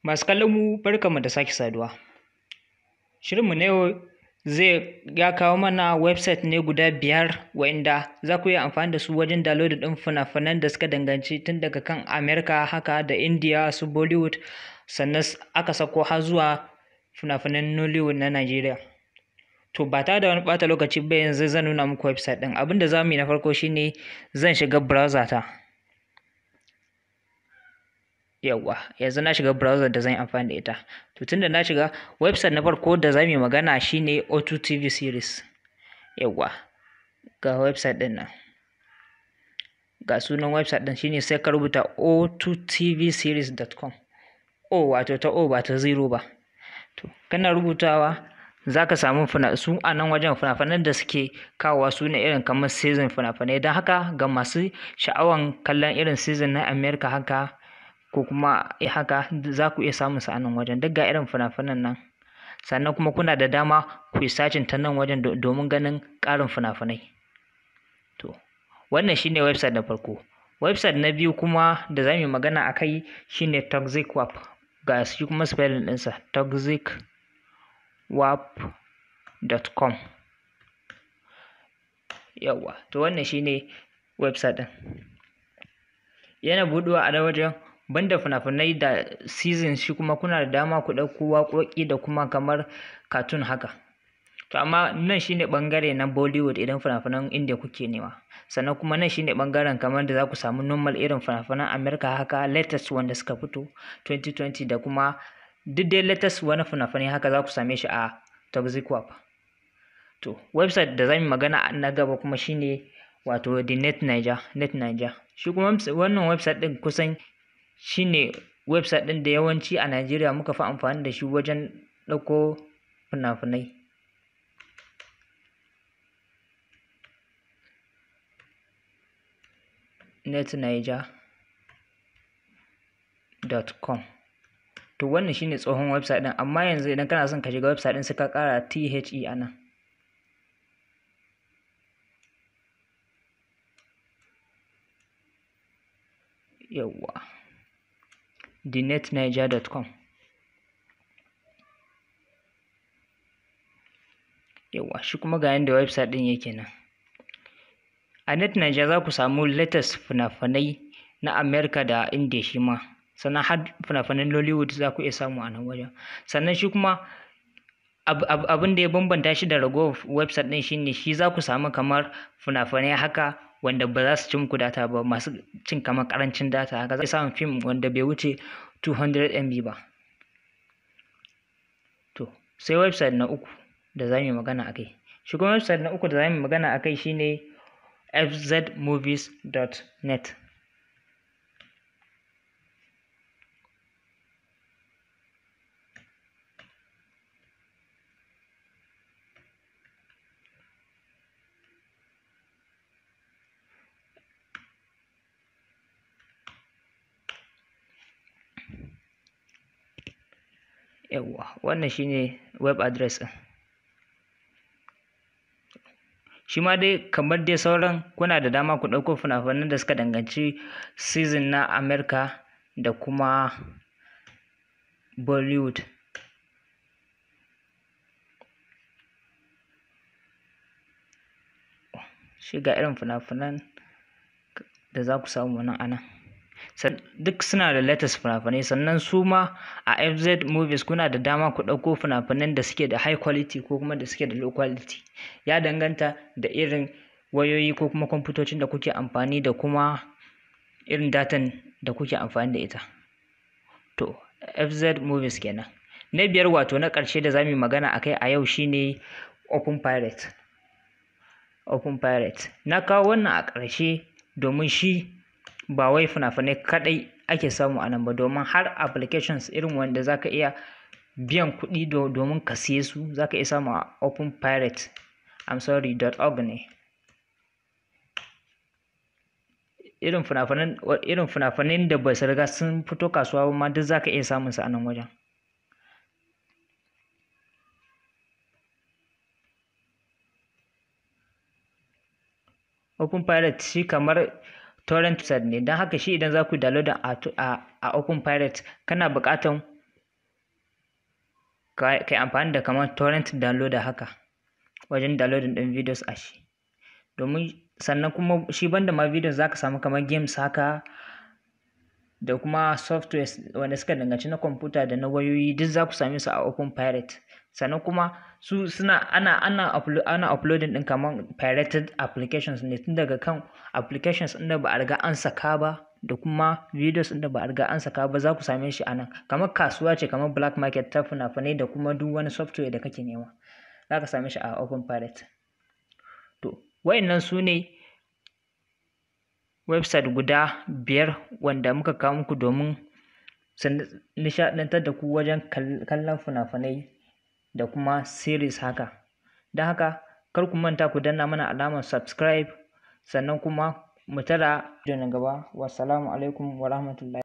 Masu kallon mu barkanmu da sake saduwa. Shirinmu na yau zai ya kawo mana website ne guda biyar wa'inda za ku iya amfani da su wajen download ɗin fina-finan da suka danganci tun daga kan America haka da India su Bollywood sannan aka sako har zuwa fina-finan Nollywood na Najeriya. To ba tare da wani ɓata lokaci ba yanzu zan nuna muku website ɗin. Abin da za mu yi na farko shine zan shiga browser ta. yawwa yanzu na shiga browser da zan amfani da ita to tunda na shiga website na farko da za mu yi magana shine O2 TV series yawwa ga website din nan ga sunan website din shine sai ka rubuta o2tvseries.com o wato ta o ba ta zero ba to kana rubutawa za ka samu su a nan wajen fina-finan da suke kawowa su ne irin kamar season fina-finai don haka ga masu sha'awan kallon irin season na america haka ko kuma eh, haka za ku iya samun sa a nan wajen duk ga irin fina-finan nan sannan kuma kuna da dama ku yi sacin ta nan wajen domin ganin ƙarin fina-finai to wannan shine website na farko website na biyu kuma da za mu yi magana a kai shine toxic wap ga shi kuma spelling ɗinsa toxic wap.com yawa to wannan shine website ɗin yana buɗuwa a wajen banda fina-finai da season shi kuma kuna da dama ku ɗauko waƙoƙi da kuma kamar cartoon haka to amma nan shine bangare na bollywood idan fina-finan inda kuke nema sannan kuma nan shine ɓangaren kamar da za ku samu normal irin fina-finan america haka latest wanda suka fito 2020 da kuma duk dai latest wani fina-finai haka za ku same shi a toxic wap to website da zamu magana na gaba kuma shine wato the net niger net niger shi kuma wannan website din kusan ne website ɗin da yawanci a Najeriya muka fi amfani da shi wajen ɗauko fina-finai. NETniger.com To wannan shine tsohon website ɗin amma yanzu idan kana son ka shiga website ɗin sai ka ƙara THE a nan. thenetniger.com. Yawa shi kuma ga yadda website ɗin yake nan. A NetNiger za ku samu latest fina-finai na Amerika da India shi ma, sannan har fina-finan za ku iya samu a nan wajen. Sannan shi kuma abin da ya bambanta shi da ragowar website ɗin ne shi za ku samu kamar fina-finai haka wanda ba za su ci muku data ba masu cin kamar karancin data haka za samun fim wanda bai wuce 200 MB ba to sai website na uku da za mu magana akai shi kuma website na uku da za mu magana akai shine fzmovies.net yawwa wannan shine web address din. shi ma dai kamar dai sauran kuna da dama ku ɗauko fina-finan da suka danganci season na america da kuma bollywood Shiga irin fina-finan da za ku samu nan a nan duk suna da latest fina-finai sannan su ma a FZ Movies kuna da dama ku ɗauko fina-finan da suke da high quality ko kuma da suke da low quality ya danganta da irin wayoyi ko kuma kwamfutocin da kuke amfani da kuma irin datan da kuke amfani da ita to FZ Movies kenan na biyar wato na ƙarshe da za mu yi magana a kai a yau shine Open Pirate Open Pirate na kawo wannan a ƙarshe domin shi ba wai fina-finai kaɗai ake samu a nan ba domin har applications irin wanda za ka iya biyan kuɗi domin ka siye su za ka iya samu a openpirate i'm sorry .org ne irin fina-finan da ba su riga sun fito kasuwa ba ma duk za ka iya samun su a nan wajen open pirate shi kamar torrent site ne don haka shi idan za ku download a a open pirate kana bukatar kai amfani da kamar torrent downloader haka wajen downloading din videos a shi domin sannan kuma shi banda ma videos zaka samu kamar games haka da kuma softwares wanda suka danganci na kwamfuta da na wayoyi duk za ku same su a open pirate sannan kuma su suna ana ana upload ana uploading din kaman pirated applications ne tun daga kan applications inda ba a riga an saka ba da kuma videos inda ba a riga an saka ba za ku same shi a nan kamar kasuwa ce kamar black market ta fina-finai da kuma duk wani software da kake nema za ka same shi a open pirate to wayannan su ne website guda biyar wanda muka kawo muku domin nishaɗantar da ku wajen kallon fina-finai da kuma series haka. Don haka kar ku manta ku danna mana alamar subscribe sannan kuma mu tara da na gaba. Wassalamu alaikum wa rahmatullahi.